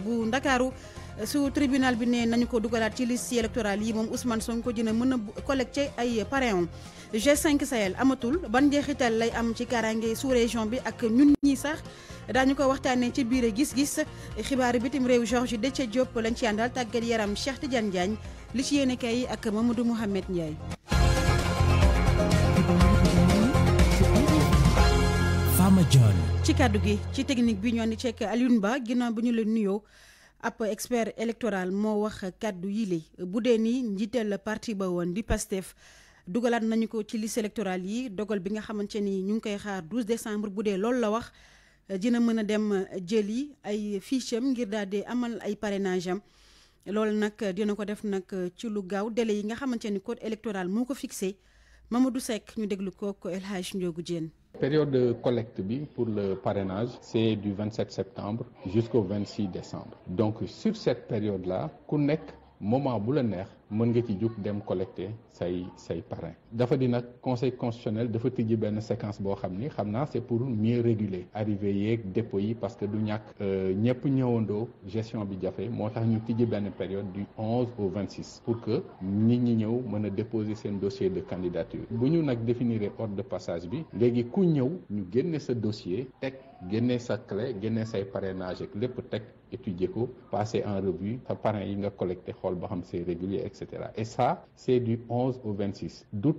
bu Ndakaaru su tribunal bi ne nañu ko dugalaat ci liste électorale yi moom Ousmane Sonko dina mën a collecté ay parrain G5 Sahel amatul ban njeexital lay am ci kaaraange sous région bi ak ñun ñi sax daañu ko waxtaanee ci biir gis-gis xibaaru bitim réew Georges Dethie Diop lañ ci àndal tàggat yaram Cheikh Tidiane Diagne li ci yéene yi ak Mamadou Mouhamed Ndiaye. ci kaddu gi ci technique bi ñoo ni ceek Alioune Ba ginnaaw bi ñu leen nuyoo ab expert électoral moo wax kàddu yi li bu dee ni njiiteel partie ba woon di PASTEF dugalaat nañu ko ci liste électorale yi dogal bi nga xamante ni ñu ngi koy xaar 12 décembre bu dee loolu la wax dina mën a dem jëli ay fiche ngir daal di amal ay parrainage am loolu nag dina ko def nag ci lu gaaw dele yi nga xamante ni code électoral moo ko fixé du Seck ñu déglu ko ko El Période de collecte pour le parrainage, c'est du 27 septembre jusqu'au 26 décembre. Donc sur cette période-là, Kounek, moment boulonnaire mën nga ci jug dem collecter say say parrain dafa di nag conseil constitutionnel dafa tijji benn séquence boo xam ni c'est pour mieux réguler arrivé yeeg dépôt yi parce que du ñàkk euh, ñëpp ñëwandoo gestion bi jafe moo tax ñu tijji une période du 11 au 26 pour que nit ñi ñëw mën a déposer seen dossier de candidature bu ñu nag définir ordre de passage bi léegi ku ñëw ñu génne sa dossier génne sa clé say parrainage ak lépp étudiée, étudier passer en revue sa parrain yi nga collecté xol c'est régulier etc et ça c'est du 11 au 26 du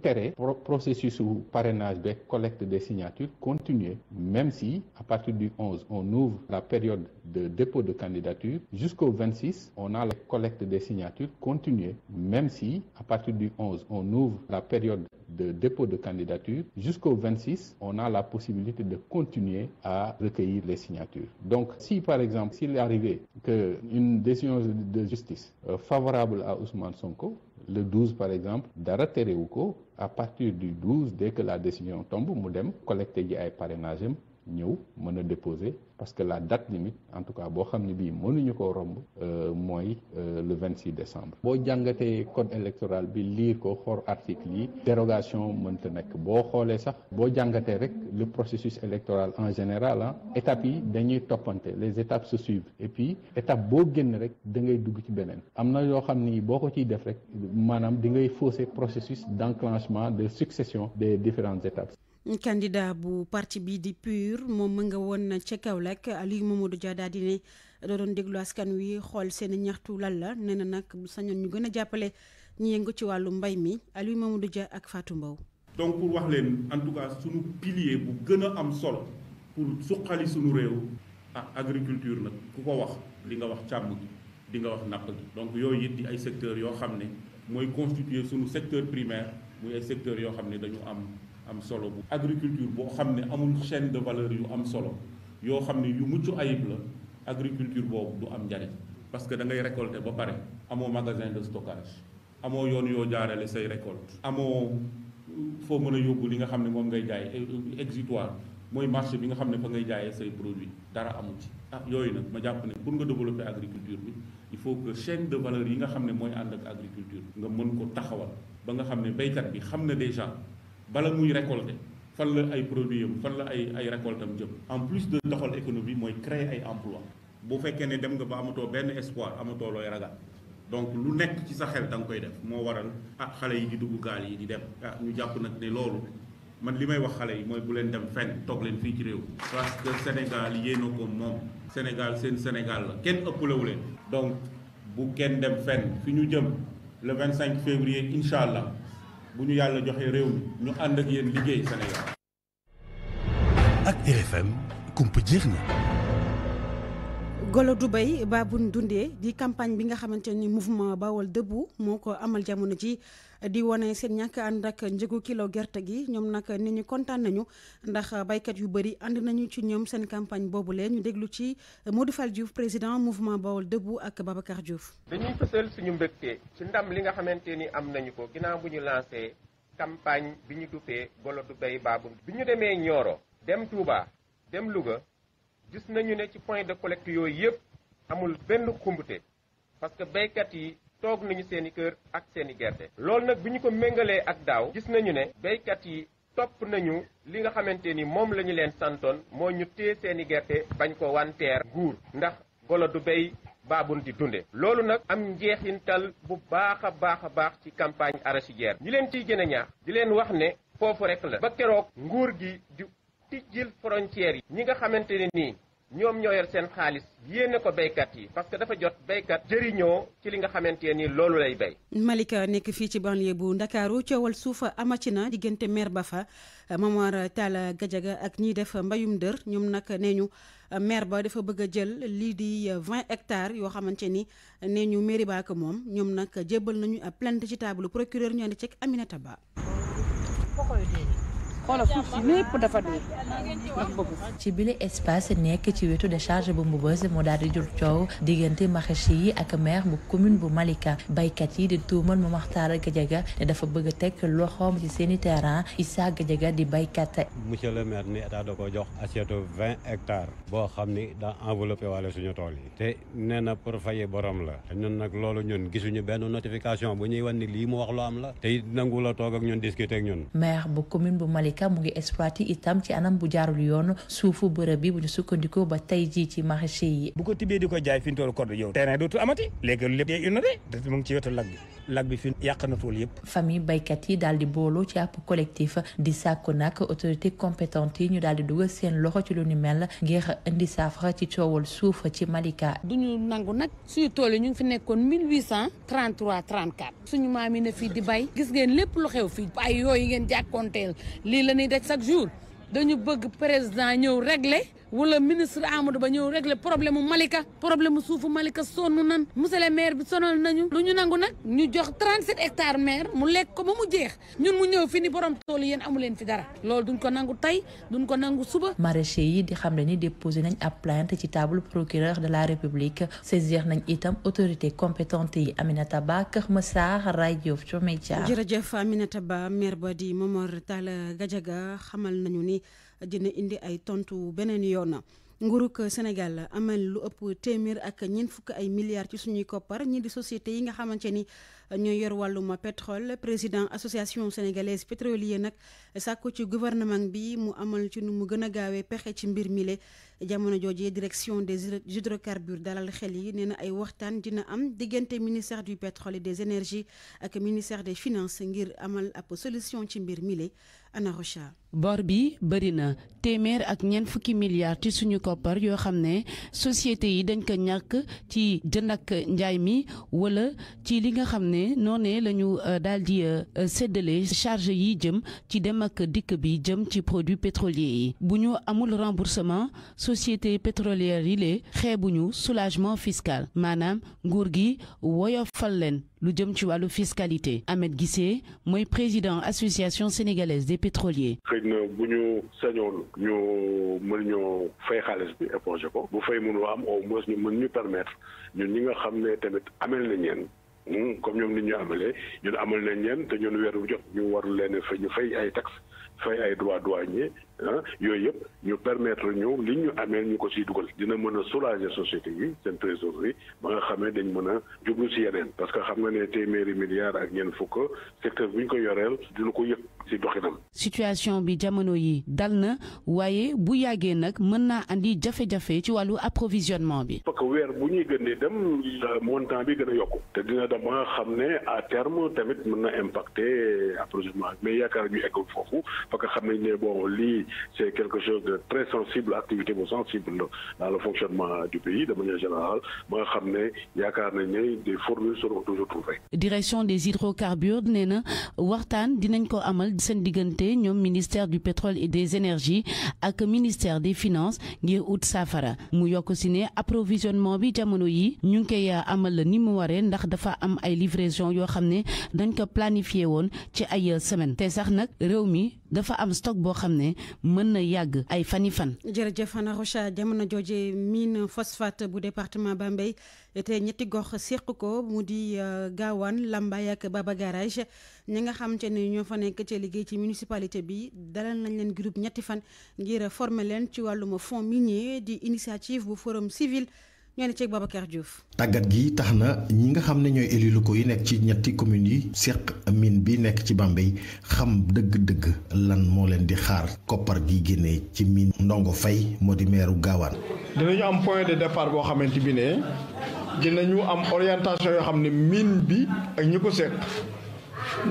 processus ou parrainage des collecte des signatures continuer même si à partir du 11 on ouvre la période de dépôt de candidature jusqu'au 26 on a la collecte des signatures continuer même si à partir du 11 on ouvre la période de dépôt de candidature, jusqu'au 26, on a la possibilité de continuer à recueillir les signatures. Donc, si par exemple, s'il est arrivé qu'une décision de justice euh, favorable à Ousmane Sonko, le 12 par exemple, d'arrêter à partir du 12 dès que la décision tombe mu dem collecter les ay nous déposer parce que la date limite en tout cas boo xam ne bii mënuñu koo romb euh, mooy euh, le 26 décembre. boo jàngatee code électoral bi lire ko xool article dérogation mënta nekk Si xoolee sax boo rek le processus électoral en général hein, étapes les étapes se suivent et puis étape bo génn rek da ngay dugg ci beneen am na yoo xam ni ko ciy def rek processus d'enclenchement de succession des différentes étapes. candidat bu parti bii di PUR moom ma nga woon ca Kaolack Aliou Mamadou Dia daal di ne doon déglu askan wi xool seen ñaxtu lan la nee na nag bu sañoon ñu gën a jàppale ñi yëngu ci wàllu mbay mi Aliou Mamadou Dia ak Fatou mbaw donc wax leen en tout cas sunu pilier bu gën a am solo pour suqali sunu réew ak ah, agriculture nag ku ko wax li nga wax càmm gi di nga wax napp gi donc yooyu it di ay secteurs yoo xam ne mooy constituer sunu secteur primaire muy ay secteurs yoo xam ne dañu am. am solo bu agriculture boo xam ne amul chaîne de valeur yu am solo yoo xam ne yu mucc ayib la agriculture boobu du am njariñ parce que da ngay récolter ba pare amoo magasin de stockage amoo yoon yoo jaareele say récolte amoo euh, foo mën a yóbbu li nga xam ne moom ngay jaay euh, euh, exutoire mooy marché bi nga xam ne fa ngay jaayee say produit dara amu ci ah yooyu nag ma jàpp ne pour nga développer agriculture bi il faut que chaîne de valeur yi nga xam ne mooy ànd agriculture nga mën ko taxawal ba nga xam ne béykat bi xam na déjà bala muy récolter fan la ay produit am fan la ay ay récolte am jëm en plus de doxal économie mooy créer ay emploi bu fekkee ne dem nga ba amatoo benn espoir amatoo looy ragal donc lu nekk ci sa xel da koy def moo waral ah xale yi di dugg gaal yi di dem ah ñu jàpp nag ne loolu man li may wax xale yi mooy bu leen dem fenn toog leen fii ci réew parce que Sénégal yéen a ko moom Sénégal seen Sénégal la kenn wu leen donc bu kenn dem fen fi ñu jëm le 25 février incha allah bu ñu yàlla joxee réew mi ñu ànd ak yéen liggéey Sénégal. ak RFM kumpa jeex na. golo dubay ba buñ dundee di campagne bi nga xamante ni mouvement Bawol Debout moo ko amal jamono ji. di wane seen ñàkk ànd ak njëgu kilo gerte gi ñoom nag nit ñi kontaan nañu ndax baykat yu bëri ànd nañu ci ñoom seen campagne boobu leen ñu déglu ci Modou Fall Diouf président mouvement Bawol Debout ak Babacar Diouf. dañuy fësal suñu mbégte ci ndam li nga xamante ni am nañu ko ginnaaw bu ñu lancé campagne bi ñu duppee golo du bay baabu. bi ñu demee Nioro dem Touba dem Louga gis nañu ne ci point de collecte yooyu yëpp amul benn xumbute parce baykat yi. toog nañu seeni kër ak seeni gerte loolu nag bi ko méngalee ak daaw gis nañu ne béykat yi topp nañu li nga xamante ni moom la ñu leen santoon moo ñu téye seeni gerte bañ ko wanteer nguur ndax golo du béy baabun di dunde loolu nag am njeexintal bu baax a baax a ci campagne arachidière ñi leen ciy gën ñaax di leen wax ne foofu rek la ba keroog nguur gi di tijjil frontières yi ñi nga xamante ne ñoom ñoo yor seen xaalis yéene ko béykat yi parce que dafa jot béykat jëriñoo ci li nga xamante ni loolu lay béy. Malika nekk fii ci banlieue bu Ndakaaru coowal suuf amati na diggante maire ba fa Momar Talla Gajaga ak ñiy def mbayum dër ñoom nag nee ñu maire ba dafa bëgg a jël lii di vingt hectares yoo xamante ni nee ñu mairie baa ak moom ñoom nag jébbal nañu plainte ci table procureur ñu andi ceeg Aminata Ba. xoolal suuf si lépp dafa dee ndax ci espace nekk ci wetu décharge bu Mbeubeuss moo daal di jur coow diggante yi ak maire bu commune bu Malika baykat yi di tuumal mu Maxtaar Gajaga ne dafa bëgg a loxoom ci terrain di baykat. monsieur le maire ni état da ko jox assiette vingt hectares boo xam ni daa enveloppé wala suñu tool yi te nee na pour faye borom la ñun nag loolu ñun gisuñu benn notification bu ñuy wan ni lii mu wax lu am la te it nangu la toog ak ñun discuter ak ñun. maire bu commune bu Malika Malika mu ngi exploité itam ci anam bu jaarul yoon suufu bërëb bi bu ñu sukkandikoo ba tey jii ci marché yi bu ko tibbee di ko jaay fi ñu toll yow terrain dootul amati léegi lépp yee une de mu ngi ci wetu lag bi lag bi fi yàq na tool yëpp. famille baykat yi daal di booloo ci ab collectif di sàkku nag autorité compétente yi ñu daal di dugal seen loxo ci lu ni mel ngir indi saafara ci coowal suuf ci Malika. du ñu nangu nag suñu tool yi ñu ngi fi nekkoon 1833 34 suñu maam yi ne fii di bay gis ngeen lépp lu xew fii ay yooyu ngeen jàkkoonteel lii la ñuy daj chaque jour dañu bëgg président ñëw régler. wala ministre Amadou Ba ñëw régler problème mu Malika problème mu suufu Malika sonn nan monsieur le maire bi sonal nañu lu ñu nangu nag ñu jox 37 hectares maire mu lekk ko ba mu jeex ñun mu ñëw fi ni borom tool yéen amu leen fi dara loolu duñ ko nangu tey duñ ko nangu suba. maraîchers yi di xam ne ni déposé nañ ab plainte ci table procureur de la république saisir nañ itam autorité compétente yi Aminata Ba Kër Massar Ray Diouf Thiométia. jërëjëf Aminata Ba maire ba di Momar Talla Gadiaga xamal nañu ni. dina indi ay tontu beneen yoon. nguurug Sénégal amal lu ëpp téeméer ak ñeent fukk ay milliards ci suñuy koppar ñi di société yi nga xamante ni. ñu yor wàllum pétrole président association sénégalaise pétrolier nak sakku ci gouvernement bi mu amal ci nu mu gëna gaawé pexé ci mbir milé jamono jojé direction des hydrocarbures dalal xel yi néna ay waxtaan dina am diggante ministère du pétrole et des énergies ak ministère des finances ngir amal ap solution ci mbir milé ana Rocha bor bi bëri na ak ñen fukki milliards ci suñu koppar yo xamné société yi dañ ko ñak ci jënd ak njaay mi wala ci li nga xam ne noonee la ñu euh, daal euh, euh, charge yi jëm ci dem ak dik bi jëm ci produits pétroliers buñu amul remboursement société pétrolière yi le xeebuñu soulagement fiscal manam nguur gi woyofal len lu jëm ci walu fiscalité Ahmed Guissé moy président association sénégalaise des pétroliers. xëy buñu sañol ñu sañoon ñu mën fay xaalis bi éponger ko bu fay mënu am au moins ñu mën permettre ñun ñi nga xam tamit amel na ñeen Mm, comme ñoom nit ñu amalee ñun amal nañ leen te ñun weer jot ñu war leen fa ñu fay ay taxes fay ay droits douaniers ah yooyu yëpp ñu permettre ñu li ñu amee ñu ko siy dugal dina mën a soulager société yi seen trésorerie ba nga xamee dañ mën a jublu si yeneen parce que xam nga ne téeméeri milliards ak ñeent fukk secteur bi ñu ko yoreel dina ko yëpp situation bi jamono yi dalna na bu yàggee nak mën andi jafé jafé ci walu approvisionnement bi. parce que weer bu ñuy dem montant bi gëna a yokku. té dina dem ba nga à terme tamit mën na impacter approvisionnement mais yaakaar ñu eggul foofu parce que xamné né bon li c'est quelque chose de très sensible activité sensible dans le fonctionnement du pays de manière générale ba xamné xam nañ né des formules seront toujours trouvées. direction des hydrocarbures néna na waxtaan dinañ ko amal doxal ñom ministère du pétrole et des énergies ak ministère des finances ngir Safara. mu approvisionnement bi jamono amal ni livraison planifié semaine dafa am stock boo xam ne mën na yàgg ay fani fan. jërëjëf Anna Rocha jamono jooje miin phosphate bu département Bambey te ñetti gox séq ko mu di euh, Gaawaan Lambaay ak Baba Garage ñi nga xam te ne ñoo fa nekk ci liggéey ci municipalité bi dalal nañ leen groupe ñetti fan ngir former leen ci wàllum fonds minier di initiative bu forum civil. ñoo ne ceeg Babacar tàggat gi tax na ñi nga xam ne ñooy élus ko yi nekk ci ñetti communes yi seq mine bi nekk ci Bambey xam dëgg-dëgg lan moo leen di xaar koppar gi génne ci mine Ndongo Faye moo di meeru Gaawaan. dinañu am point de départ boo xamante bi na dinañu am orientation yoo xam ne mine bi ak ñi ko seq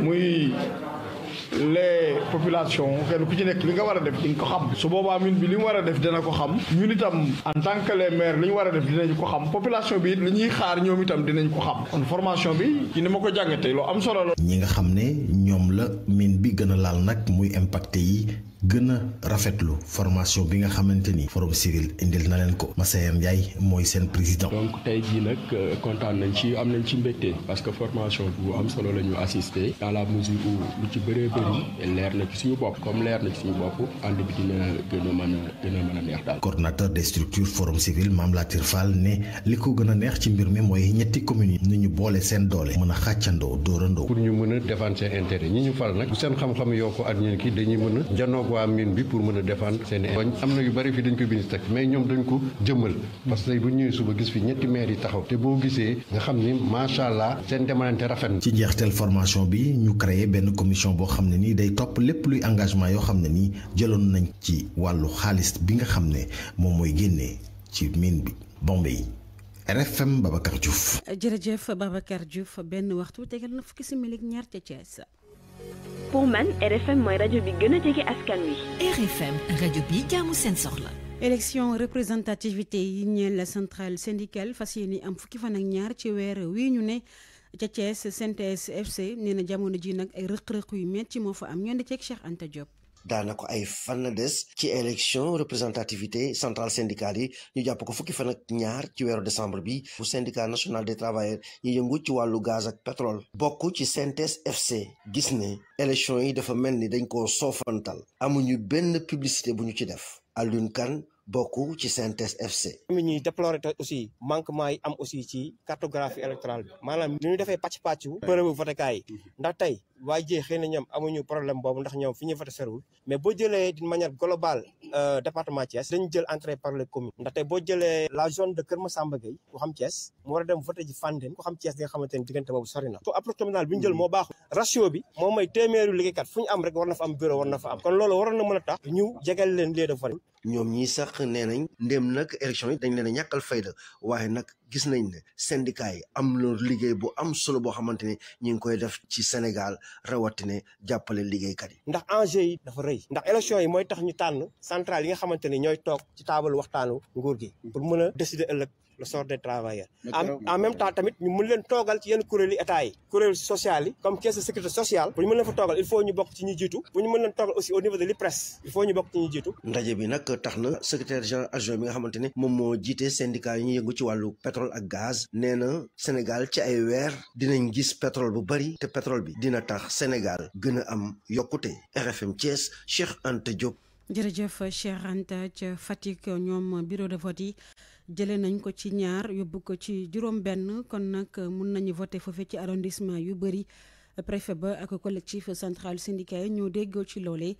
muy. les populations kenn ku ci nekk li nga war a def di nga ko xam su boobaa mine bi li mu war a def dina ko xam ñun itam en tant que les li ñu war a def dinañ ko xam population bi li ñuy xaar ñoom itam dinañ ko xam kon formation bi ci ni ma ko jàngatee loo am solo la. ñi nga xam ne ñoom la mine bi gën a laal nag muy impacte yi. gën a rafetlu formation bi nga xamante ni forum civil indil na leen ko Massayer Ndiaye mooy seen président. donc tey jii nag euh, kontaan nañ ci am nañ ci mbégte parce que formation bu am solo la ñu assister dans la mesure où lu ci bëree leer na ci suñu bopp comme leer na ci suñu bopp ànd bi dina gën a mën a mën a neex daal. coordonnateur de structures forum civil Mame Latir Fall ne li ko gën neex ci mbir mi mooy ñetti communes yi ñu boole seen doole mën a xàccandoo dóorandoo. pour ñu mën a défendre seen intérêt ñi ñu fal nag bu seen xam-xam yoo ko ak ñun a waa mine bi pour mën a défendre seen i am na yu bari fi dañ ko bind tax mais ñoom dañ ko jëmmal parce bu ñëwee suba gis fi ñetti maire yi taxaw te boo gisee nga xam ni macha allah seen demalante rafet na ci njeexteel formation bi ñu créé benn commission boo xam ne nii day topp lépp luy engagement yoo xam ne nii jëloon nañ ci wàllu xaalis bi nga xam ne moom mooy génnee ci mine bi Bombay RFM Babacar Diouf. jërëjëf Babacar Diouf benn waxtu tegal na fukki simili ak pour man RFM mooy rajo bi gën a jege askan wi. RFM rajo bi jaamu seen soxla. élection représentativité yi ñeel centrale syndicale fas yéene am fukki fan ak ñaar ci weer wii ñu ne ca Thiès CNTS FC nee na jamono ji nag ay rëq-rëq yu metti moo fa am ñoo ne ceeg Cheikh Anta Diop. daanaka ay fan la des ci élection représentativité centrale syndicale yi ñu jàpp ko fukki fan ak ñaar ci weeru décembre bi bu syndicat national des travailleurs yi yëngu ci wàllu gaz ak pétrole bokk ci CNTS FC gis ne élection yi dafa mel ni dañ ko soofantal amuñu benn publicité bu ñu ci def Alioune kan bokk ci CNTS FC. mi ñuy déplorer aussi manquement yi am aussi ci cartographie électorale maanaam ñu defee pàcc pàccu bërëbu votekaay tey waa jee xëy na ñoom amuñu problème boobu ndax ñoom fi ñu voté soriwul mais boo jëlee d'une manière globale euh, département Thiès dañu jël entrée par les communes ndaxte boo jëlee la zone de Kër Massamba Gueye ku xam Thiès mu war a dem voté ji Fandène ku xam Thiès di nga xamante ne diggante boobu sori na so approche communale bi ñu jël mm-hmm. moo baaxul ratio bi moom mooy téeméeru liggéeykat fu ñu am rek war na fa am bureau war na fa am kon loolu waroon na mën a tax ñu jegal leen lieu de vote ñoom ñi sax nee nañ ndéem nag élection yi dañ leen a ñàkkal fayda waaye nag gis nañ ne syndicat yi am na liggéey bu am solo boo xamante ne ñu ngi koy def ci Sénégal rawatina jàppale liggéeykat yi. ndax enjeu yi dafa rëy. ndax élection yi mooy tax ñu tànn centrale yi nga xamante ne ñooy toog ci taabalu waxtaanu nguur gi. pour mën a décider ëllëg. le sort des travailleurs en même tamit ñu mën leen toogal ci yenn kuréel yi état yi kuréel sociale comme caisse de sécurité sociale bu ñu mën leen fa toogal il faut ñu bokk ci ñi jiitu bu ñu mën leen toogal aussi au niveau de l'IPRES il faut ñu bokk ci ñi jiitu ndaje bi nag tax na secrétaire général adjoint bi nga xamante ne moom moo jiite syndicat yi ñu yëngu ci wàllu pétrole ak gaz nee na Sénégal ci ay weer dinañ gis pétrole bu bari te pétrole bi dina tax Sénégal gën a am yokkute RFM Thiès Cheikh Anta Diop jërëjëf Cheikh Anta ca Fatick ñoom bureau de vote jëlee nañ ko ci ñaar yóbbu ko ci juróom-benn kon nag mun nañu voté foofe ci arrondissement yu bëri préfet ba ak collectif central syndicat yi ñoo déggoo ci loole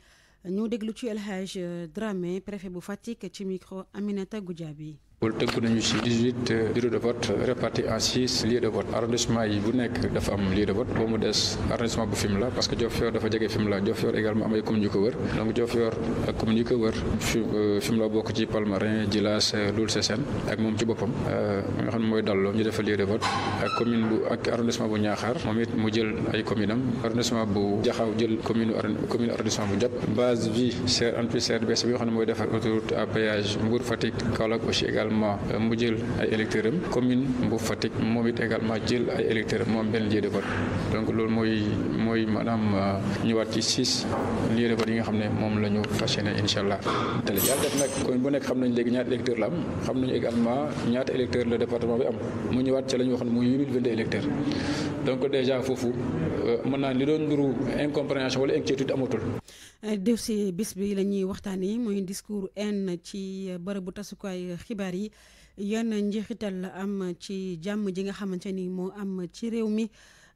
ñoo déglu ci El Hadj Dramé préfet bu Fatick ci micro Aminata yi tënk nañu ci 18 euh, bureaux de vote répartis en 6 lieux de vote arrondissement yi bu nekk dafa am lieu de vote ba mu des arrondissement bu Fimela parce que Diofior dafa jege Fimela Diofior également am ay communes yu ko wër donc Diofior ak commune yu ko wër euh, Fimela bokk ci Palmarin Djilas Loul Sessène ak moom ci boppam euh, nga xam ne mooy Dallo ñu defal lieu de vote ak commune bu ak arrondissement bu Niakhar moom it mu jël ay commune am arrondissement bu jaxaw jël commune commune arrondissement bu Diap base bi CRNP CRDBS bi nga xam ne mooy defar autoroute à péage Mbour Fatick Kaolack aussi également également euh, mu jël ay électeurs am commune bu Fatick momit également jël ay électeurs am ben benn lieu de vote donc lool moy moy madame euh, ñëwaat ci six lieu de vote yi nga xamné mom lañu la ñu fas yéene incha tele yàlla def nak commune bu nek xam nañ léegi ñaata électeurs la am xam nañu également ñaata électeur le département bi am mu ñëwaat ci lañu ñu moy muy huit électeurs donc déjà fofu euh, mën naa li doon nduru incompréhension wala inquiétude amatul dossier bis bi la ñuy waxtaanee mooy discours haine ci bërëbu tasukaay xibaar yi yenn njeexital la am ci jàmm ji nga xamante ni moo am ci réew mi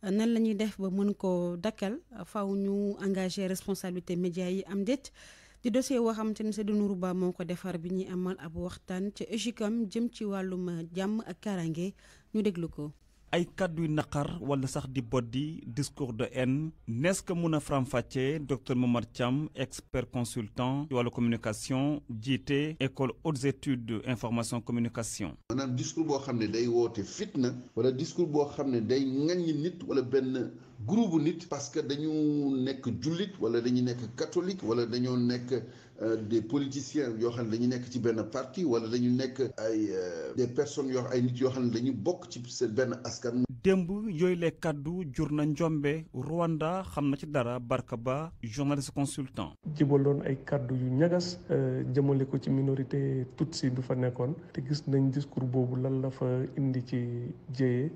nan la ñuy def ba mën ko dakkal faw ñu engagé responsabilité média yi am déet di dossier woo xamante ni Seydou Nourou Ba moo ko defar bi ñuy amal ab waxtaan ca EJICOM jëm ci wàllum jàmm ak kaaraange ñu déglu ko. ay kaddu naqar wala sax di boddi discours de haine nees ko mën a docteur Momar Cham, expert consultant ci communication JT, école hautes études information communication. maanaam discours bo xamné day woté fitna wala discours bo xamné day ngagn nit wala ben groupe nit parce que dañu nek jullit wala dañu nek catholique wala dañu nek Euh, des politiciens yoo xam ne dañu nekk ci benn parti wala dañu nekk ay euh, des personnes yoo ay nit yoo xam ne dañu bokk ci seen benn askan. démb yooyu la kàddu jur na njombe Rwanda xam na ci dara Barka Ba journaliste consultant. jibaloon ay kàddu yu ñagas euh, jëmale ko ci minorité tutsi bi fa nekkoon te gis nañ discours boobu lan la fa indi ci jéye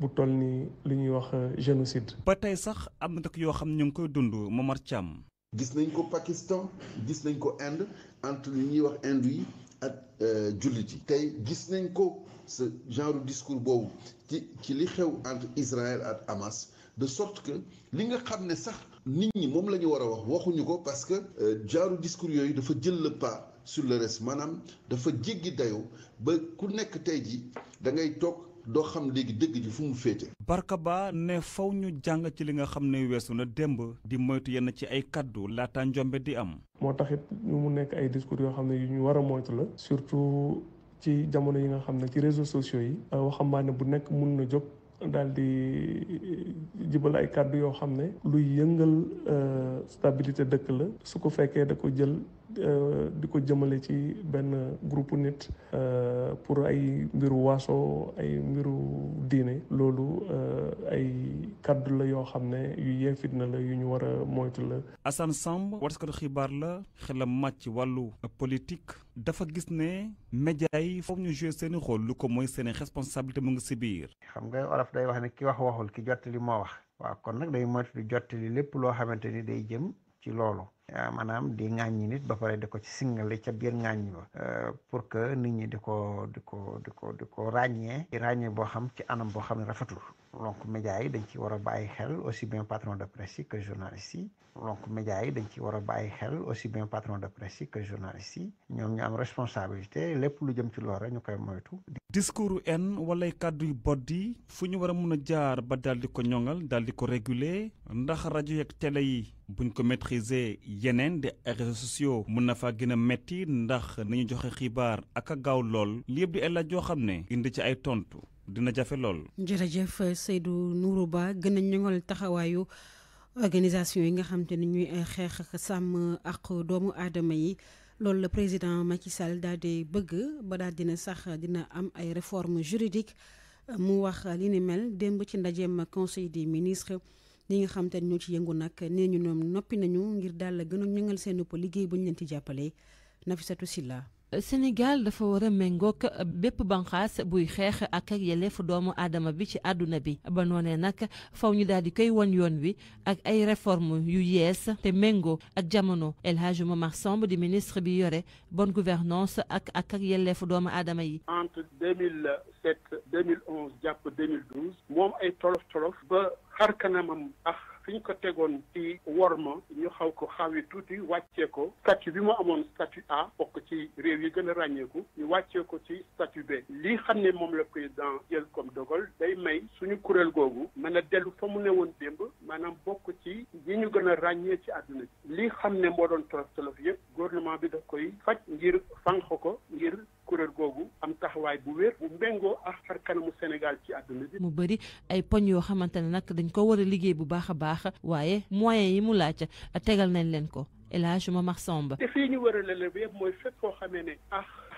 bu toll ni li ñuy wax génocide. ba tey sax am na dëkk yoo xam ne ñu ngi koy dund Momar Thiam. gis nañ ko Pakistan gis nañ ko Inde entre li ñuy wax Inde yi ak euh, jullit yi tey gis nañ ko ce genre discours boobu ci ci li xew entre Israël ak Hamas de sorte que li nga xam ne sax nit ñi moom la ñu war a wax waxuñu ko parce que euh, genre discours yooyu dafa jël le pas sur le reste maanaam dafa jéggi dayo ba ku nekk tey ji da ngay toog doo xam léegi dëgg ji fu mu féete. Barka ne faw ñu jàng ci li nga xam ne weesu na démb di moytu yenn ci ay kaddu laata njombe di am. moo tax it ñu mu nekk ay discours yoo xam ne yu ñu war a moytu la. surtout ci jamono yi nga xam ne ci réseau sociaux yi. Euh, waxambaane bu nekk mun na jóg daal di euh, jibal ay kaddu yoo xam ne. luy yëngal euh, stabilité dëkk la. su ko fekkee da ko jël. Euh, di ko jëmale ci benn groupe nit euh, pour ay mbiru waaso ay mbiru diine loolu euh, ay kaddu la yoo xam ne yu yee na la yu ñu war a moytu la Assane Samb taskatu xibaar la xelam màcc wàllu politique dafa gis ne média yi foofu ñu joué seeni xool lu ko mooy seeni responsabilité mu ngi si biir xam nga olof day wax ne ki wax waxul ki jottali moo wax waa kon nag day moytu di jottali lépp loo xamante ni day jëm ci loolu Euh, maanaam di ñi nit ba pare di ko ci singale ca biir ŋàññi ba euh, pour que nit ñi di ko di ko di ko di ko ràññee ràññee boo xam ci anam boo xam ne rafetul donc médias yi dañ ci war a bàyyi xel aussi bien patron de presse yi que si yi donc médias yi dañ ci war a bàyyi xel aussi bien patron de presse yi que journaliste yi ñoom ñu am responsabilité lépp lu jëm ci loolu rek ñu koy moytu discours u en walay kàddu yu boddi fu ñu war a mun a jaar ba daal di ko ñoŋal daal di ko réguler ndax rajo yeeg télé yi buñ ko maîtriser yeneen di ay réseaux sociaux na faa gën a metti ndax nañu joxe xibaar ak a gaaw lool li yëpp di ay laaj xam ne indi ci ay tontu dina jafe lool. jërëjëf Seydou Nourou Ba gën a ñoŋal taxawaayu organisation yi nga xam te ne ñuy xeex ak sàmm ak doomu aadama yi. lol le président Macky Sall daal di bëgg ba daal dina sax dina am ay réformes juridiques euh, mu wax li ni mel démb ci ndajem conseil des ministres ñi nga xam te ñoo ci yëngu nak nee ñom nopi nañu ngir dal gën ñëngal seen liggéey buñu leen Sénégal dafa war a méngoog bépp banqaas buy xeex ak ak yelleefu doomu aadama bi ci àdduna bi ba noonee nag faw ñu daal di koy won yoon wi ak ay réforme yu yees te méngoo ak jamono El Hadji Momar Samb di ministre bi yore bonne gouvernance ak ak ak yelleefu doomu aadama yi. entre 2007 2011 jàpp 2012 moom ay tolof tolof ba xarkanamam fi ñu ko tegoon ci worma ñu xaw ko xawi tuuti wàccee ko statut bi mu amoon statut A bokk ci réew yi gën a ràññeeku ñu wàccee ko ci statut B li xam ne moom la président jël comme dogal day may suñu kuréel googu mën a dellu fa mu ne woon démb maanaam bokk ci yi ñu gën a ràññee ci àdduna bi li xam ne moo doon tolof tolof yëpp gouvernement bi daf koy faj ngir fànq ko ngir kuréel googu am taxawaay bu wér bu méngoo ak xar kanamu Sénégal ci àdduna bi. mu bari ay poñ yoo xamante ne nag dañ ko war a liggéey bu baax a baax waaye moyens yi mu laaj tegal nañ leen ko El Hadj Momar Samb. te fii ñu war a lële yëpp mooy fépp foo xamee ne ah.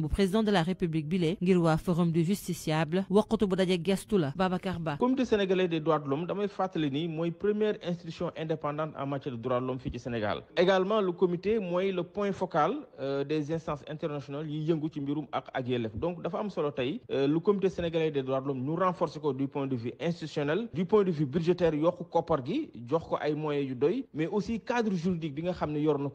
le président de la république Bilé, lee forum du justiciable Wakoto bu daje Baba comité sénégalais des droits de l'homme damay fàttali ni première institution indépendante en matière de droits de l'homme au Sénégal également le comité moi, le point focal euh, des instances internationales yi à ci mbirum donc dafa am solo euh, le comité sénégalais des droits de l'homme nous renforce du point de vue institutionnel du point de vue budgétaire yoko koppar gi jox ko ay moyens mais aussi cadre juridique bi nga xam ne yor na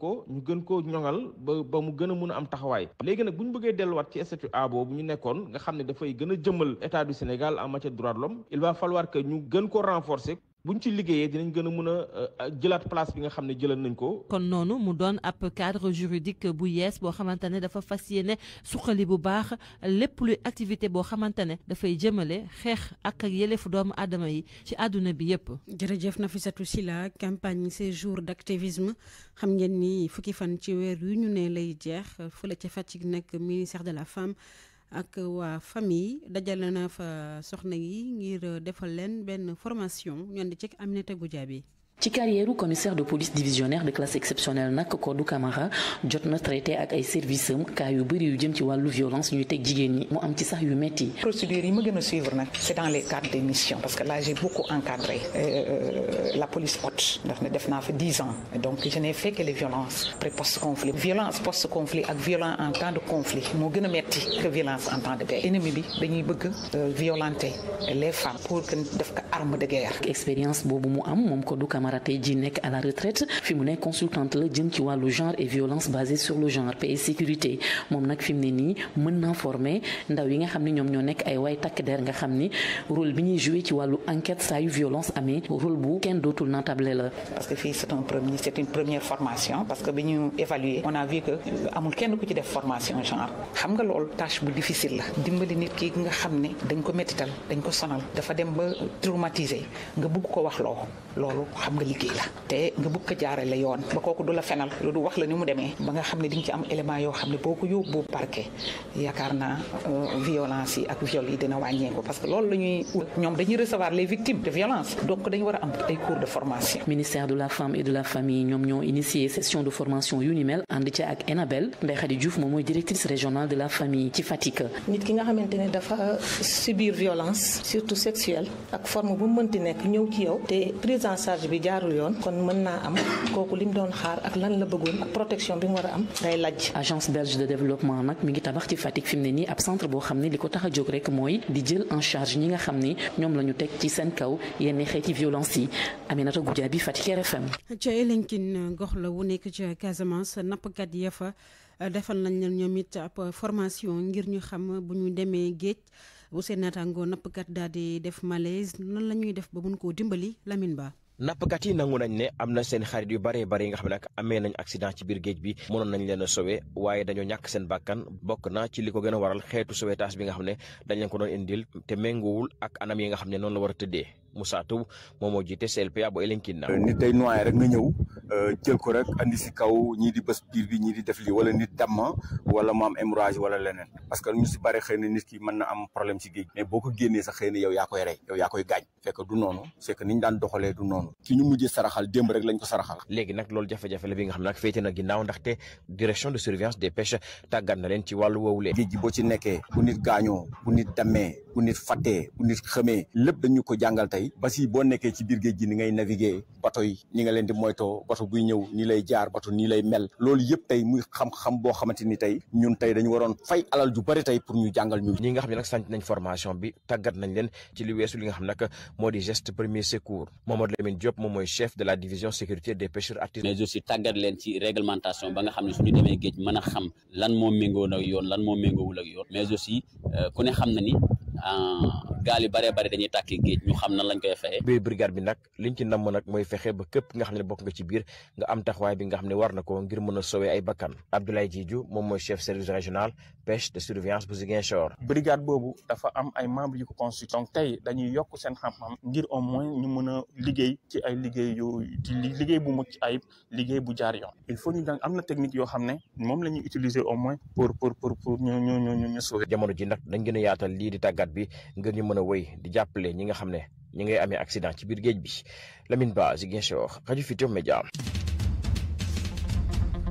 ñu delluwaat ci statut A boobu ñu nekkoon nga xam ne dafay gën a jëmal état du Sénégal en matière de droits de l'homme il va falloir que ñu gën ko renforcer buñ ci liggéeyee dinañ gën a mën a euh, euh, jëlaat place bi nga xam ne jëlal nañ ko. kon noonu mu doon ab cadre juridique bu yees boo xamante ne dafa fas yéene suqali bu baax lépp luy activité boo xamante ne dafay jëmale xeex ak yelef doomu aadama yi ci àdduna bi yépp. jërëjëf Nafisatou Sila campagne ces jours d'activisme xam ngeen ni fukki fan ci weer yu ñu ne lay jeex fële ca Fatick nag ministère de la femme. ak waa famille dajale na fa soxna yi ngir euh, defal leen benn formation ñoom di ci Aminata Goudiaby ci carrière commissaire de police divisionnaire de classe exceptionnelle nak Kodou Kamara jotna traité ak ay services am yu bëri yu jëm ci walu violence ñu violence. jigéen ni mu am ci sax yu metti procédure yi ma gëna suivre nak c'est dans les cadres des missions parce que là j'ai beaucoup encadré euh, euh, la police haute ndax ne def fa dix ans donc je n'ai fait que les violences pré post conflit violence post conflit ak violence en temps de conflit mo gëna metti que violence en temps de paix ennemi bi dañuy bëgg euh, violenter les femmes pour que def ko arme de guerre. expérience bobu mu am mom Kodou Kamara. Camara tey à la retraite fi mu consultante la jëm ci wàllu genre et violence basée sur le genre paix et sécurité moom nak fi ni, ne nii mën naa former ndaw yi nga xam ne ñoom ñoo ay waay der nga xam rôle bi joué ci wàllu enquête saa violence amee rôle bu kenn dootul naatable la. parce que fi, c'est un premier c'est une première formation parce que bi évaluer on a vu que amul kenn ku ci def formation genre xam nga loolu tâche bu difficile la dimbali nit ki nga hamni ne dañ ko méttital dañ ko sonal dafa dem ba traumatisé, nga bëgg ko wax loo loolu nga liggéey la te nga bëgg ko jaarale yoon ba kooku du la fenal lu du wax la ni mu demee ba nga xam ne di nga ci am élément yoo xam ne boo ko yóbbu parquet yaakaar naa euh, violence yi ak viol yi dina wàññeeku parce que loolu la ñuy ñoom dañuy recevoir les victimes de violence donc dañu war a am ay cours de formation. ministère de la femme et de la famille ñoom ñoo initié session de formation yu ni mel ànd ci ak Enabel Ndeye Khady Diouf moom mooy directrice régionale de la famille ci Fatick. nit ki nga xamante ne dafa subir violence surtout sexuelle ak forme bu mu mënti nekk ñëw ci yow te prise en charge bi jaarul yoon kon mën naa am kooku lim doon xaar ak lan la bëggoon ak protection bi mu war a am ngay laaj. agence belge de développement nag mi ngi tabax ci Fatick fi mu ne nii ab centre boo xam ne li ko tax a jóg rek mooy di jël en charge ñi nga xam ne ñoom la ñu teg ci seen kaw yenn xeeti violence yi nata Goudia bi Fatick RFM. ca Elinkine gox la wu nekk ca Casamance nappkat ya fa euh, defal nañ leen ñoom it ab formation ngir ñu xam bu ñu demee géej. bu seen naataangoo nappkat daal di def malaise nan la ñuy def ba mun ko dimbali Lamine Ba. nappkat yi nangu nañ ne am na seen xarit yu baree bari yi nga xam ne nag amee nañ accident ci biir géej bi mënoon nañ leen a sauvé waaye dañoo ñàkk seen bàkkan bokk na ci li ko gën a waral xeetu sauvetage bi nga xam ne dañ leen ko doon indil te méngoowul ak anam yi nga xam ne noonu la war a tëddee Moussa Toub moom moo jiite CLPA bu Elinkina. nit day noyo rek nga ñëw euh, jël ko rek andi si kaw ñii di bi ñii di def lii wala nit damma wala mu am hémorragie wala leneen parce que ñu si bare xëy na nit ki mën na am problème si géej mais boo ko génnee sax xëy na yow yaa koy rey yow yaa koy gaañ fekk du noonu c'est que ni ñu daan doxalee du noonu ki ñu mujjee saraxal démb rek lañ ko saraxal léegi nag loolu jafe-jafe la bi nga xam ne nag féete na ginnaaw ndaxte direction de surveillance de pêches tàggat na leen ci wàllu woowulee géej gi boo nekkee bu nit gaañoo bu nit dammee bu nit fattee bu nit lépp dañu ko jàngal tey mooy bas yi nekkee ci biir géej gi ni ngay naviguer bato yi ni nga leen di moytoo bato buy ñëw nii lay jaar bato nii lay mel loolu yëpp tey muy xam-xam boo xamante ni tey ñun tey dañu waroon fay alal ju bari tey pour ñu jàngal ñu ñi nga xam ne nag sant nañ formation bi tàggat nañ leen ci li weesu li nga xam nag moo di geste premier secours Mamadou Lamine Diop moom mooy chef de la division sécurité des pêcheurs artisanaux mais aussi tàggat leen ci réglementation ba nga xam ne suñu demee géej mën a xam lan moo méngoo ak yoon lan moo méngoowul ak yoon mais aussi euh, ku ne xam na ni Euh, gaal yu bare bëri dañuy tàkki géej ñu xam na lañ koy fayee biir brigade bi nag liñ ci namm nag mooy fexe ba képp nga xam ne bokk nga ci biir nga am taxawaay bi nga xam ne war na ko ngir mën a sauver ay bakkan Abdoulaye Diédhiou moom mooy chef service régional pêche de surveillance bu Ziguinchor brigade boobu dafa am ay membres yu ko constitué donc tey dañuy yokk seen xam-xam ngir au moins ñu mën a liggéey ci ay liggéey yu liggéey bu mucc ayib liggéey bu jaar yoon il faut ñu dang am na technique yoo xam ne moom la ñuy au moins pour pour pour pour ñu ñu ji nag dañ gën a lii di tàggat bi ngir ñu mëna a di jappalé ñi nga xamné ñi ngay amé accident ci biir géej bi Lamine Ba Médias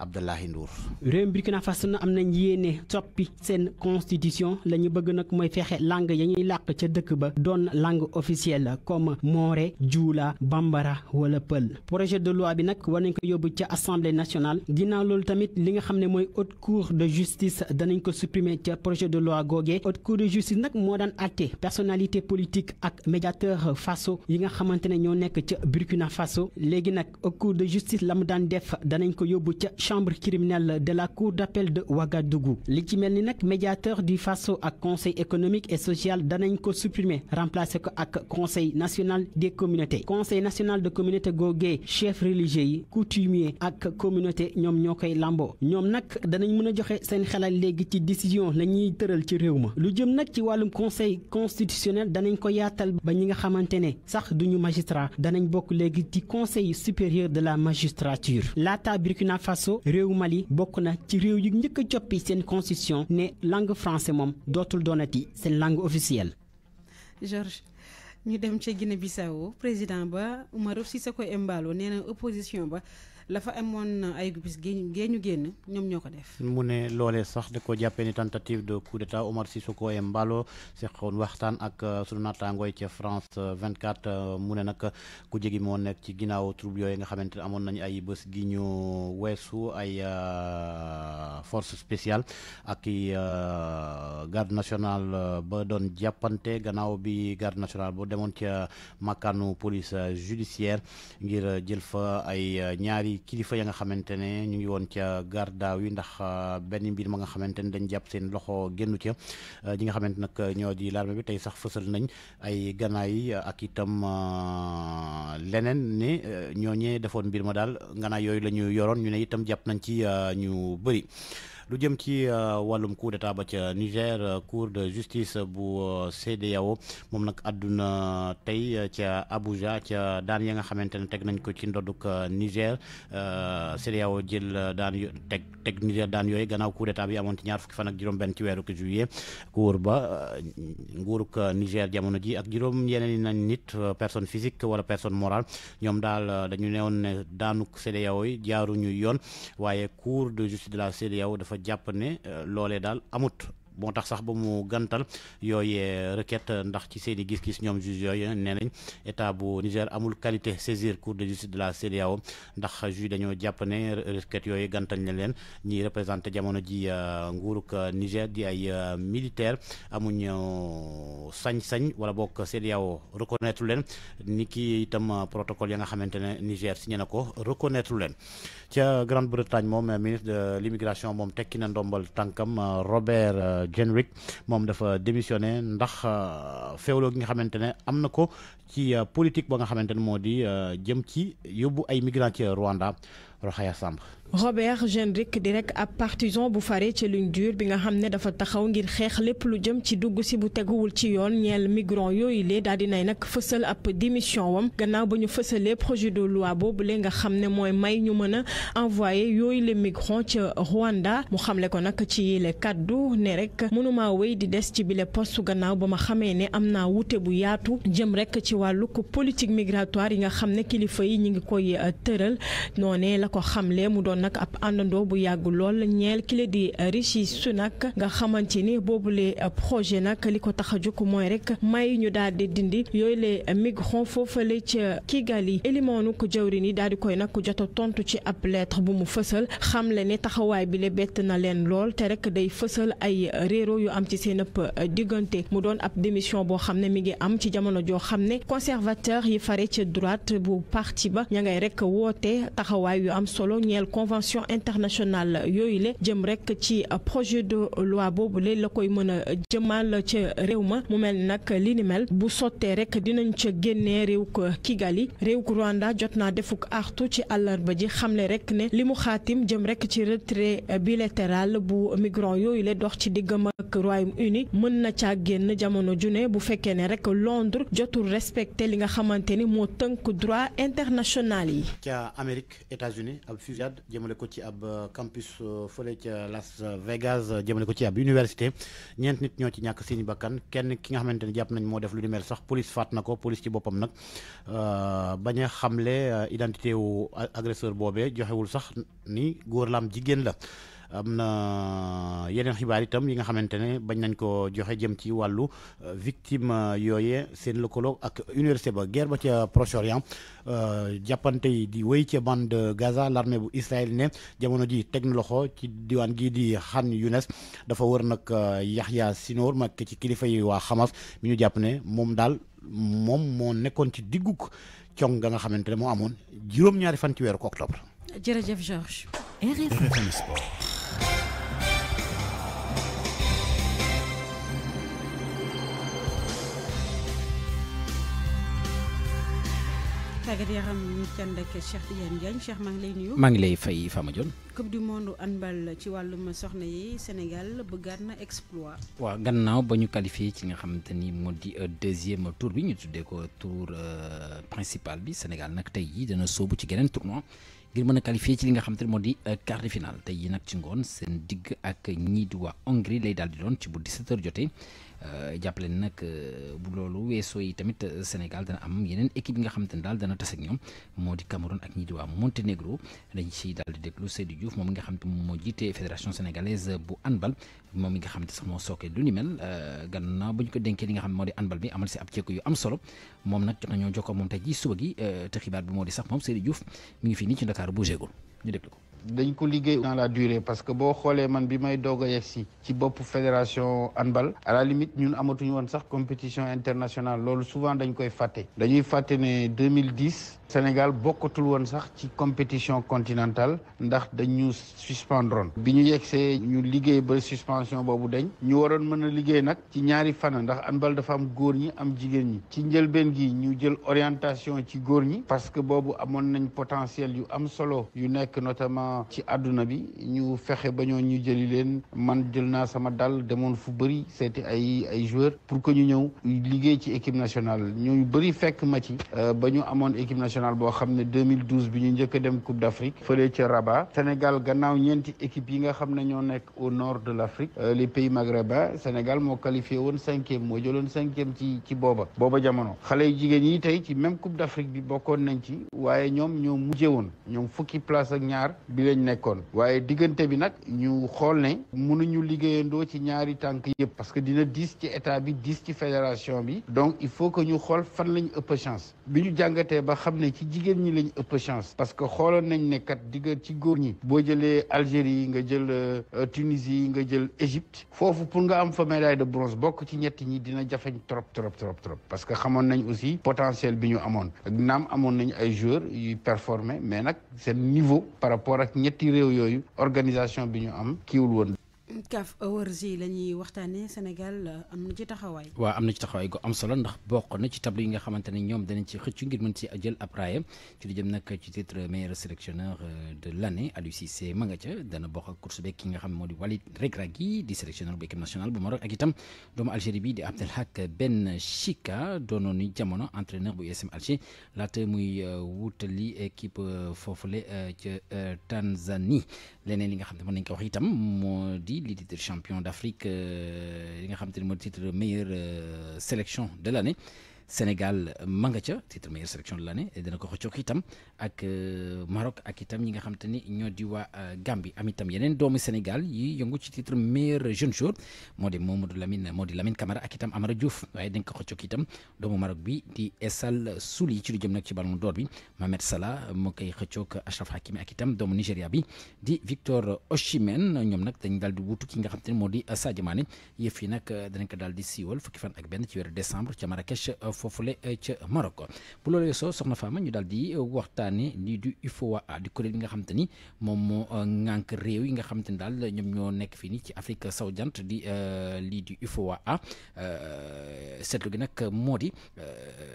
Abdallah Ndour. Burkina Faso na am nañ topi sen constitution lañu bëgg nak moy fexé langue ya laq ci dëkk ba doon langue officielle comme moré djoula bambara wala peul projet de loi bi nak war nañ ko yobbu ci assemblée nationale dina loolu tamit li nga xamné moy haute cour de justice danañ ko supprimer ci projet de loi gogé haute cour de justice n'ak mo daan atté personnalité politique ak médiateur faso yi nga xamante ñoo nekk ci Burkina Faso légui nak haute cour de justice la daan def danañ ko yobbu ci chambre criminelle de la cour d'appel de Ouagadougou li médiateur du Faso ak conseil économique et social d'Aninko ko remplacé remplacer conseil national des communautés conseil national de communauté Gogé, chef religieux coutumier ak communauté Nyom Nyokai Lambo. Nyom Nak, nag danañ Legiti décision la ñuy ci lu conseil constitutionnel danañ ko yaatal ba ñi dunyu magistrat danañ bokk conseil supérieur de la magistrature Lata Burkina Faso ko réew Mali bokk na ci réew yu njëkk a seen constitution ne langue français moom dootul doonati seen langue officielle. George ñu dem ca Guinée Bissau président ba Umaru Sissoco Embaló nee na opposition ba. la fa amoon ay bis gée ñu génn ñoom ñoo ko def. mu ne loole sax de ko jàppee ni tentative de coup d'état Omar Sissoko Embalo seqoon waxtaan ak euh, sunu naataangooy ca France 24 euh, euh, mu ne nag ku jegi moo nekk ci ginnaaw trouble yooyu nga xamante ne amoon nañu ay bés gi ñu weesu ay force spéciale ak i garde nationale ba doon jàppante gannaaw bi garde nationale ba demoon ca makkaanu police judiciaire ngir jël fa ay ñaari. kilifa ya nga xamante ne ñu ngi woon ca gardaaw yi ndax euh, benn mbir ma nga xamante ne dañ jàpp seen loxo génnu ca euh, ñi nga xamante nag ñoo di l'armée bi tey sax fësal nañ ay ganaay ak itam euh, leneen ñoo ñooñee defoon mbir ma daal ganaay yooyu la yoroon ñu ne itam jàpp nañ ci ñu bëri. lu jëm ci euh, wàllum coup d'état ba ca Niger euh, cour de justice bu euh, CEDEAO moom nag àdduna tey ca Abuja ca daan ya nga xamante ne teg nañ ko ci ndodduk Niger CEDEAO jël daan yu teg teg daan yooyu gannaaw coup d'état bi amoon ci ñaar fukki fan ak juróom-benn ci weeru juillet cour ba nguuruk Niger jamono ji ak juróom yeneen nañ nit personne physique wala personne morale ñoom daal dañu neewoon ne daanuk CEDEAO yi jaaruñu yoon waaye cour de justice de la CEDEAO dafa jàpp ne euh, loole daal amut Bon, tax sax ba mu gantal yoyé requête ndax ci seeni gis-gis ñom juge yooyu nee état bu Niger amul qualité saisir cour de justice de la cdao e ndax juge dañoo japp né requête yooyu gantal na leen ñi représenté jamono ji euh, nguuruk Niger di ay euh, militaire amuñu sañ-sañ wala bok cdao e reconnaître leen ni itam protocole ya nga xamantene Niger signé na ko reconnaître leen ci Grande-Bretagne mon ministre de l'immigration mon tekki na ndombal tankam euh, Robert Jenrick moom dafa démissionné ndax euh, féewloo gi nga xamante ne am na ko ci euh, politique ba nga xamante ne moo di euh, jëm ci yóbbu ay migrants ci Rwanda Rokhaya Samb Robert Gendrick di direk ab partisan bu fare ci ligne dure bi nga xam ne dafa taxaw ngir xeex lépp lu jëm ci dugg si bu teguwul ci yoon ñeel migrant yooyu lee daal di nay nag fësal ab démission wam gannaaw ba ñu fësalee projet de loi boobu lee nga xam ne mooy may ñu mën a envoyé yooyu les migrants ca Rwanda mu xamle ko nag ci yile kàddu ne rek mënuma wéy di des ci bile post gannaaw ba ma xamee ne am naa wute bu yaatu jëm rek ci wàllu politique migratoire yi nga xam ne kilifa yi ñu ngi koy eh, ko xamle mu doon nag ab àndandoo bu yàgg lool ñeel kile di Rishi Sunak nga xamante ni boobule projet nag li ko tax a jóg mooy rek may ñu daal di dindi yooyu les migrants foofale ca Kigali élimaanu ko jawrin yi daal di koy nag jot a tontu ci ab lettre bu mu fësal xamle ne taxawaay bi le bett na leen lool te rek day fësal ay réero yu am ci seen diggante mu doon ab démission boo xam ne mi ngi am ci jamono joo xam ne conservateur yi fare ca droite bu am solo ñel convention internationale yooyu le jëm rek ci projet de loi boobule la koy mëna jëmal ci réwma mu mel nak li ni mel bu rek dinañ génné réw ko Kigali réw Rwanda jotna defuk artu ci hamle ji xamlé rek né limu mu jëm rek ci retrait bilatéral bu migrant yooyu le dox ci ak Royaume-Uni mën na génn jamono june bu féké né rek Londres jotul respecter li nga xamante ni tënk droit international yi. ca Amérique États-Unis ni ab fusillade jëmale ko ci ab euh, campus euh, fële ca Las Vegas euh, jëmale ko ci ab université ñeent nit ñoo ci ñàkk seeni bakkan kenn ki nga xamante ni jàpp nañ moo def lu ni mel sax police faat na ko police ci boppam nag bañ a xamle identité wu agresseur boobee joxewul sax ni góor la jigéen la am na yeneen xibaar itam yi nga xamante ne bañ nañ ko joxe jëm ci wàllu euh, victime euh, yooye seen lëkkaloo ak université ba guerre ba ca Proche-Orient euh, jàppante yi di wéy ca bande de Gaza l'armée bu Israël ne jamono ji teg loxo ci diwaan gii di Khan Younes dafa wër nag Yahya Sinour mag ci kilifa yi waa Hamas mi ñu jàpp ne moom daal moom moo nekkoon ci diggug cong nga nga xamante ne moo amoon juróom-ñaari fan ci weeru tàggat yaram ñu ànd ak Cheikh Tidiane Diagne Cheikh maa ngi lay nuyu. maa ngi lay fay Fama Dione. coupe du monde handball ci wàllum soxna yi Sénégal bëggaat na exploit. waaw gannaaw ba ñu qualifié ci nga xamante ni moo di euh, deuxième tour bi ñu tuddee ko tour euh, principal bi Sénégal nag tey jii dana soobu ci geneen tournoi ngir mën a qualifié ci li nga xamante ni moo di euh, quart de tey jii nag ci ngoon seen digg ak ñii di waa Hongrie lay daal di doon ci bu 17h jotee. Euh, jàppale ne nag euh, bu loolu weesoo yi tamit euh, Sénégal dana am yeneen équipe yi nga xamante ne daal dana tas ñoom moo di Cameroun ak ñi di waa Monténégro dañ ciy daal di déglu Seydou Diouf moom mi nga xam te moom moo jiite fédération sénégalaise bu handball moom mi nga xam te sax moo sookee lu ni mel gannaaw bu ñu ko denkee li nga xam moo di handball bi amal si ab jéego yu am solo moom nag jot nañoo ko moom tey jii suba gi te xibaar bi moo di sax moom Seydou Diouf mi ngi fii nii ci Dakar bu jéegul ko. dañ ko liggéey dans la durée parce que boo xoolee man bi may doog a yegg si ci bopp fédération handball à la limite ñun amatuñu woon sax compétition internationale loolu souvent dañ koy fàtte dañuy fàtte ne 2010 Sénégal bokkatul woon sax ci compétition continentale ndax dañu suspendron bi ñu yeggsee ñu liggéey ba suspension boobu dañ ñu waroon mën a liggéey nag ci ñaari fana ndax handball dafa am góor ñi am jigéen ñi ci njëlbeen gi ñu jël orientation ci góor ñi parce que boobu amoon nañ potentiel yu am solo yu nekk notamment événement ci àdduna bi ñu fexe ba ñoo ñu jëli leen man jël naa sama dal demoon fu bëri seeti ay ay joueurs pour que ñu ñëw liggéey ci équipe nationale ñu bëri fekk ma ci euh, ba ñu amoon équipe nationale boo xam ne 2012 bi ñu njëkk a dem Coupe d'Afrique fële ca raba Sénégal gannaaw ñeenti équipe yi nga xam ne ñoo nekk au nord de l'Afrique euh, les pays maghrébins Sénégal moo qualifié woon cinquième moo jëloon cinquième ci ci booba booba jamono xale yu jigéen yi tey ci même Coupe d'Afrique bi bokkoon nañ ci waaye bi lañ nekkoon waaye diggante bi nag ñu xool ne mënuñu liggéeyandoo ci ñaari tànk yëpp parce que dina diis ci état bi diis ci fédération bi donc il faut que ñu xool fan lañ ëpp chance bi ñu jàngatee ba xam ne ci jigéen ñi lañ ëpp chance parce que xooloon nañ ne kat digga ci góor ñi boo jëlee Algérie nga jël euh, Tunisie nga jël Égypte foofu pour nga am fa médaille de bronze bokk ci ñett ñi dina jafeñ trop trop trop trop parce que xamoon nañ aussi potentiel bi ñu amoon naam amoon nañ ay joueurs yuy performé mais nag seen niveau par rapport ak ak ñetti réew yooyu organisation bi ñu am kiiwul woon CAF Awards yi la ñuy waxtaanee Sénégal euh, am na ci taxawaay. waaw am na ci taxawaay gu am solo ndax bokk na ci tableau yi nga xamante ne ñoom danañ ci xëcc ngir mën ci jël ab raaya ci lu jëm nag ci titre meilleur sélectionneur euh, de l' année Aliou Cissé ma nga ca dana bokk ak course beeg ki nga xam moo di Walid Regragui di sélectionneur bu équipe nationale bu Maroc ak itam doomu Algérie bi di Abdelhak Ben Chika doonoon ni jamono entraîneur bu USM Alger laata muy euh, wutali équipe foofule ca Tanzanie leneen li nga xam ne mën nañ ko wax itam il est champion d'Afrique euh, il nga xam le titre meilleure euh, sélection de l'année Sénégal euh, ma nga ca titre meilleure sélection de l'année dina ko xëccook itam ak euh, Maroc ak itam ñi nga xam te ni ñoo di waa euh, Gambie am itam yeneen doomu Sénégal yi yëngu ci titre meilleur jeune joueur moo di Mamadou Lamine moo di Lamine Camara ak itam Amara Diouf waaye dina ko xëccook itam doomu Maroc bi di Essal Souli ci lu jëm nag ci Ballon d'Or bi Mohamed Salah moo koy xëccook Achraf Hakimi ak itam doomu Nigéria bi di Victor Osimhen ñoom nag dañ daal di wutu ki nga xam te moo di sa Mané yëf yi nag danañ ko daal di siiwal fan ak benn ci weeru décembre ca Marrakech foofu foofule eh, ca Maroc bu loolu soo soxna Fama ñu daal di eh, waxtaanee lii du UFOA di kuréel bi nga xam ni moom moo eh, ŋànk réew yi nga xam ni daal ñoom ñoo nekk fii nii ci Afrique sowu jant di lii du UFOA seetlu gi nag moo di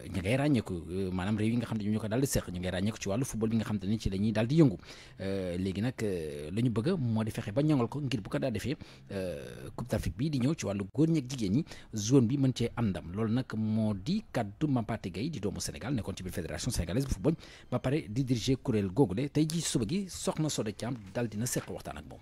ñu ngay ràññeeku maanaam réew yi nga xam te ni ñoo ko daal di seq ñu ngay ràññeeku ci wàllu football bi nga xam te ni ci la ñuy daal di yëngu léegi nag la ñu bëgg moo di fexe ba ñangal ko ngir bu ko daal defee Coupe d'Afrique bii di ñëw ci wàllu góor ñeeg jigéen ñi zone bi mën cee am loolu nag moo di kaddu Mame Pathé Gaye di doomu Sénégal nekkoon ci biir fédération sénégalaise bu football ba paré di diriger kuréel googu tay ji suba gi soxna Soda Thiam dal dina sék waxtan ak moom.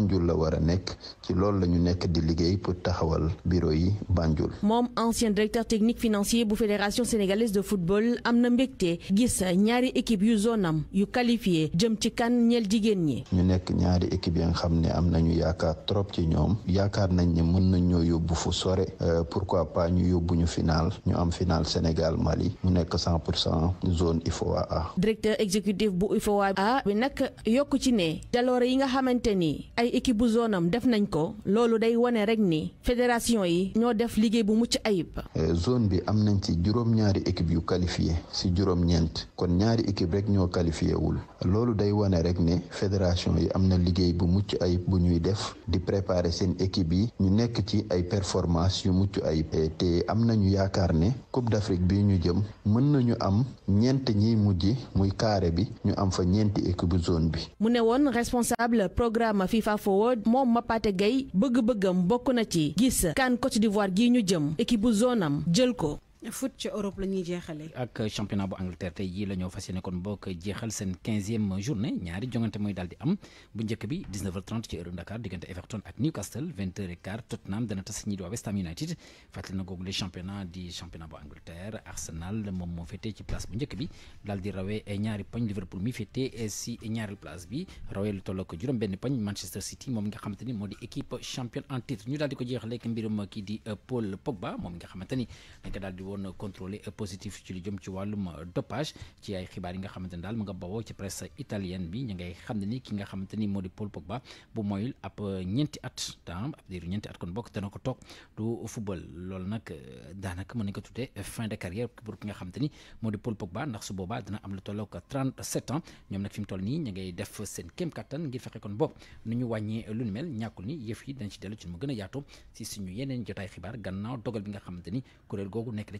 Banjul la war a nekk ci loolu la ñu nekk di liggéey pour taxawal bureau yi Banjul. moom ancien directeur technique financier bu fédération sénégalaise de football am na mbégte gis ñaari équipe yu zone am yu qualifié jëm ci kan ñeel jigéen ñi. ñu nekk ñaari équipe yi nga xam ne am nañu yaakaar trop ci ñoom yaakaar nañ ne mën nañ ñoo yóbbu fu sore euh, pourquoi pas ñu yóbbu ñu final ñu am final Sénégal Mali mu nekk 100 pour cent zone UFOA A. directeur exécutif bu UFOA A ay équipe bu zone am def nañ ko loolu day wane rek ni fédération yi ñoo def liggéey bu mucc ayib. Eh, zone bi am nañ ci juróom-ñaari équipe yu qualifié si juróom-ñeent kon ñaari équipe rek ñoo qualifié wul loolu day wane rek ne fédération yi am na liggéey bu mucc ayib bu ñuy def di préparer seen équipe yi ñu nekk ci ay performance yu mucc ayib eh, te am na ñu yaakaar ne Coupe d'Afrique bi ñu jëm mën nañu am ñeent ñiy mujj muy carré bi ñu am fa ñeenti équipe zone bi. Dafoe moom ma Mapate Gueye bëgg-bëggam bokk na ci gis kan Côte d'Ivoire gi ñu jëm équipe bu am jël ko. foot ci Europe la ñuy ak championnat bu Angleterre tay jii la ñoo fas yéene kon bokk jeexal seen quinzième journée ñaari jonganté moy daldi am bu njëkk bi 19h30 ci heure Dakar diggante Everton ak Newcastle 20h15 Tottenham dana tass ñi do West Ham United fàttali na googu le championnat di championnat bu Angleterre Arsenal mom mo fété ci place bu njëkk bi daldi rawé rawee ñaari pagne Liverpool mi et si ñaari place bi rawee le toll ak juróom-benn Manchester City mom nga xamante modi équipe champion en titre ñu daldi ko jéxalé ak mbirum ki di Paul Pogba mom nga xamante ni daldi woon contrôlé positif ci lu jëm ci wàllum dopage ci ay xibaar yi nga xamante ni daal mu nga bawoo ci presse italienne bi ñu ngay xam ki nga xamante ni Pogba bu moyul ab ñeenti at tam at kon bokk dana ko toog du football loolu nag daanaka mën nañ ko tuddee fin de carrière pour ki nga xamante ni Pogba ndax su boobaa dana am lu tollook 37 ans ñoom nag fi toll nii ñu ngay def seen kéem kattan ngir fexe kon bokk nu a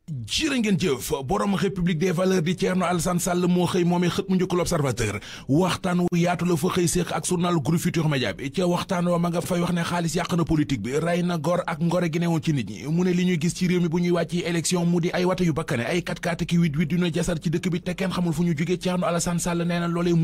jërë ngeen jëf borom république des valeurs di Thierno Alassane Sall moo xëy moomee xët mu njëkk l'observateur waxtaan yaatu la fa xëy séeq ak journal groupe Futur Média bi ca waxtaan wa ma nga fay wax ne xaalis yàq na politique bi rey na gor ak ngore gi newoon ci nit ñi mu ne li ñuy gis ci réew mi bu ñuy wàcc élection mu di ay wata yu bakkane ay katkaate ki wit wit yu na jasar ci dëkk bi te kenn xamul fu ñu jógee Thierno Alassane Sall nee na loolee